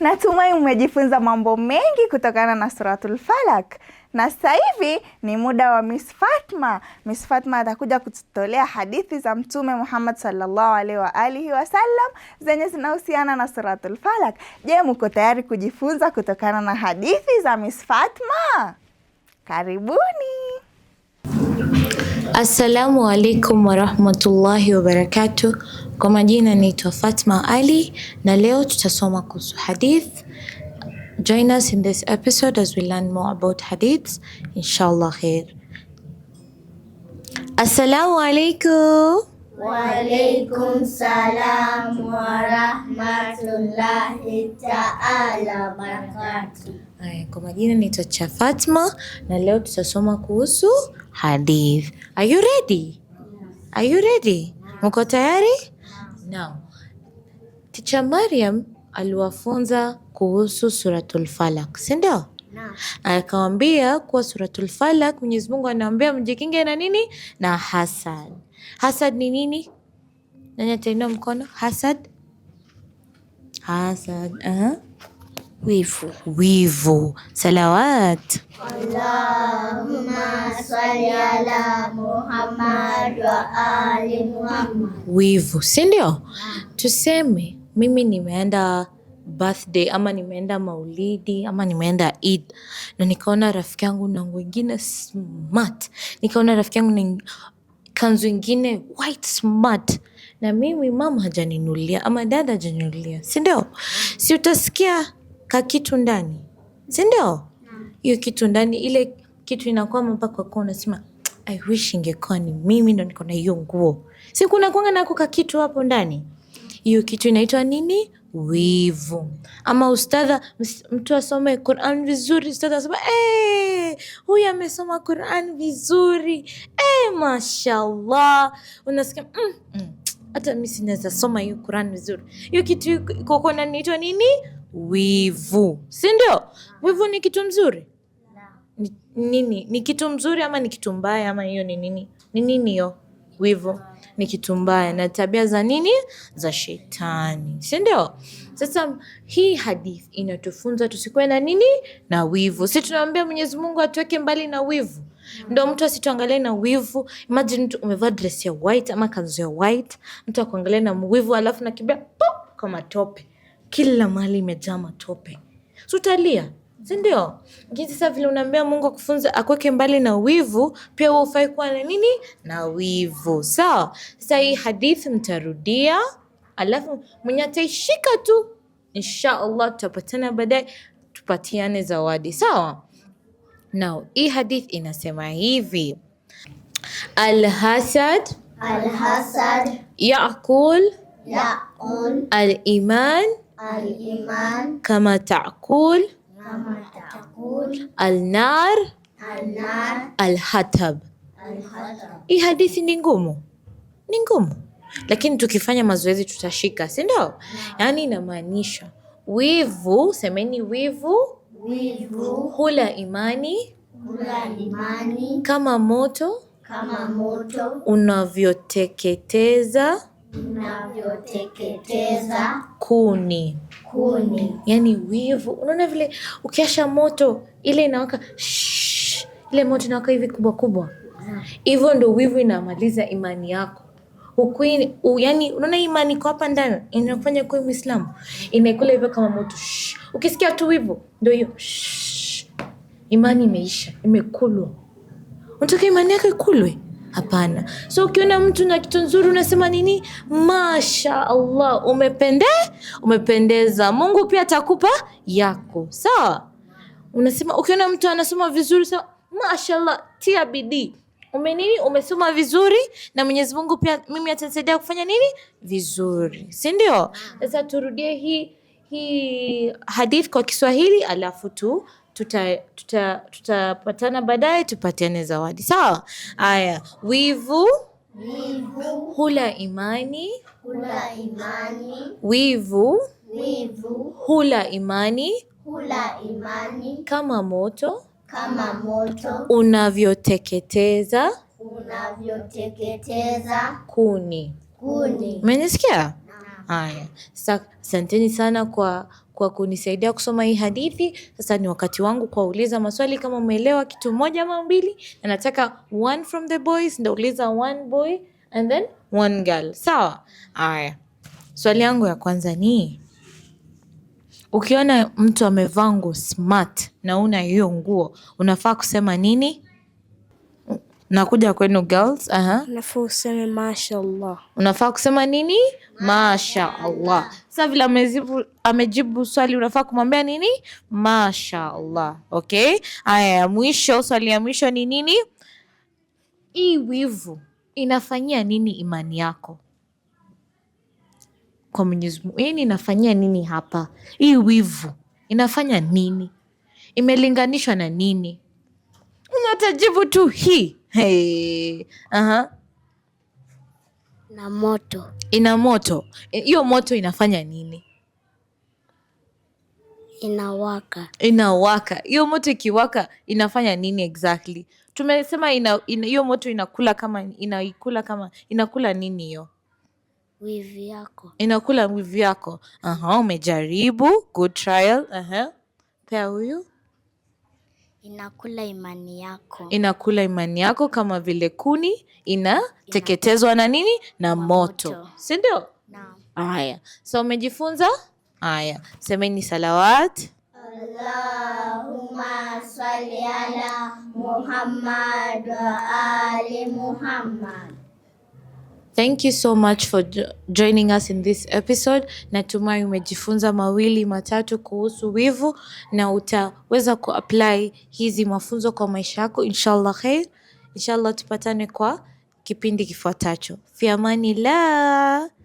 Natumai umejifunza mambo mengi kutokana na Suratul Falak, na sasa hivi ni muda wa Miss Fatma. Miss Fatma atakuja kututolea hadithi za Mtume Muhammad sallallahu alaihi wa alihi wasallam zenye zinahusiana na Suratul Falak. Je, mko tayari kujifunza kutokana na hadithi za Miss Fatma? Karibuni. Assalamu alaikum warahmatullahi wabarakatuh. Kwa majina naitwa Fatma Ali na leo tutasoma kuhusu hadith. Join us in this episode as we learn more about hadiths inshallah khair. Assalamu alaikum. Wa salam wa ta'ala barakatuh. Kwa majina naitwa Cha Fatma na leo tutasoma kuhusu hadith. Are you ready? Are you ready? Mko tayari? Now. Teacher Mariam aliwafunza kuhusu Suratul Falak, si ndio? Akawambia kuwa Suratul Falak, Mwenyezi Mungu anaambia mjikinge na nini? Na hasad. Hasad ni nini? Nani atainua mkono? Hasad, hasad. Uh -huh. Wivu. Wivu. Salawat. Allahumma salli ala Muhammad wa ali Muhammad. Wivu, si ndio? Tuseme mimi nimeenda birthday ama nimeenda maulidi ama nimeenda Eid na nikaona rafiki yangu na wengine smart, nikaona rafiki yangu na kanzu ingine white smart, na mimi mama hajaninulia ama dada hajaninulia, si ndio? Si utasikia ka kitu ndani, si ndio? Hiyo kitu ndani, ile kitu inakwama mpaka kwa unasema I wish ingekuwa ni mimi ndo niko na hiyo nguo. Si kuna kuanga nako ka kitu hapo ndani, hiyo kitu inaitwa nini? Wivu. Ama ustadha, mtu asome Quran vizuri, ustadha asema hey, eh, huyu amesoma Quran vizuri hey, eh, mashallah. Unasikia mm, mm, hata mi sinaweza soma hiyo Quran vizuri. Hiyo kitu koko naniitwa nini? wivu, si ndio? Wivu ni kitu mzuri ni, nini? Ni kitu mzuri ama ni kitu mbaya ama hiyo ni nini? Ni nini hiyo wivu? Ni kitu mbaya na tabia za nini? Za shetani, si ndio? Sasa hii hadith inatufunza tusikuwe na nini? Na wivu. Si tunaambia Mwenyezi Mungu atuweke mbali na wivu ndo mtu asituangalie na wivu. Imagine mtu umevaa dress ya white ama kanzu ya white, mtu akuangalie na mwivu, alafu nakimbia pop kama tope kila mahali imejaa matope, sutalia sindio Si ndio? sasa vile unaambia Mungu akufunze akweke mbali na wivu, pia wewe ufai kuwa na nini? Na wivu. Sawa? So, sasa hii hadithi mtarudia, alafu mwenye ataishika tu, insha Allah tutapatana baadaye, tupatiane zawadi. Sawa? na hii hadithi inasema hivi. alhasad alhasad yaqul hasad ya'kul al Al-iman kama taakul alnar alhatab. Hii hadithi ni ngumu, ni ngumu, lakini tukifanya mazoezi tutashika, si ndio? Yaani inamaanisha wivu, semeni wivu, wivu imani, hula imani kama moto, kama moto unavyoteketeza unavyoteketeza kuni kuni. Yani wivu, unaona vile ukiasha moto ile inawaka shh, ile moto inawaka hivi kubwa kubwa hivyo, ndo wivu inamaliza imani yako Ukuini, u, yani unaona imani iko hapa ndani inakufanya kuwa Muislamu, inaikula hivyo kama moto. Ukisikia tu wivu, ndio hiyo imani imeisha, imekulwa. Unataka imani yako ikulwe? Hapana. So ukiona mtu na kitu nzuri unasema nini? Masha Allah, umepende umependeza. Mungu pia atakupa yako, sawa? Unasema ukiona mtu anasoma vizuri, sa Masha tia bidii umenini umesoma vizuri na Mwenyezi Mungu pia mimi atasaidia kufanya nini vizuri, si ndio? Sasa turudie hii hii hadith kwa Kiswahili alafu tu tutapatana tuta, tuta baadaye tupatiane zawadi sawa. Haya, wivu, hula imani, hula imani. Wivu, wivu hula imani, hula imani. Kama moto, kama moto unavyoteketeza, unavyoteketeza kuni, kuni. Umenisikia? Haya, asanteni sana kwa kwa kunisaidia kusoma hii hadithi. Sasa ni wakati wangu kuwauliza maswali, kama umeelewa kitu moja ama mbili, na nataka one from the boys, ndauliza one boy and then one girl. Sawa? Haya, swali yangu ya kwanza ni ukiona mtu amevaa nguo smart na una hiyo nguo unafaa kusema nini? Nakuja kwenu girls. Aha. Unafaa useme mashaallah. Unafaa kusema nini? Mashaallah. Sasa vile amejibu, amejibu swali unafaa kumwambia nini? Mashaallah. Okay? Aya ya mwisho, swali ya mwisho ni nini? Hii wivu inafanyia nini imani yako kwa Mwenyezi Mungu? Yaani inafanyia nini hapa? Hii wivu inafanya nini? Imelinganishwa na nini? Unatajibu tu hii Hey. Aha. Na moto ina moto hiyo, e, moto inafanya nini? Inawaka, inawaka. Hiyo moto ikiwaka inafanya nini exactly? Tumesema hiyo ina, ina, moto inakula kama inaikula kama inakula nini hiyo wivi yako, inakula wivi yako. Aha, umejaribu. Good trial. Aha, pea huyu Inakula imani yako. Inakula imani yako kama vile kuni inateketezwa na nini? Na moto, moto. Si ndio? Haya, so umejifunza haya, semeni salawat. Allahumma salli ala Muhammad wa ali Muhammad. Thank you so much for joining us in this episode. Natumai umejifunza mawili matatu kuhusu wivu na utaweza kuapply hizi mafunzo kwa maisha yako inshallah khair. Inshallah tupatane kwa kipindi kifuatacho. fiamani la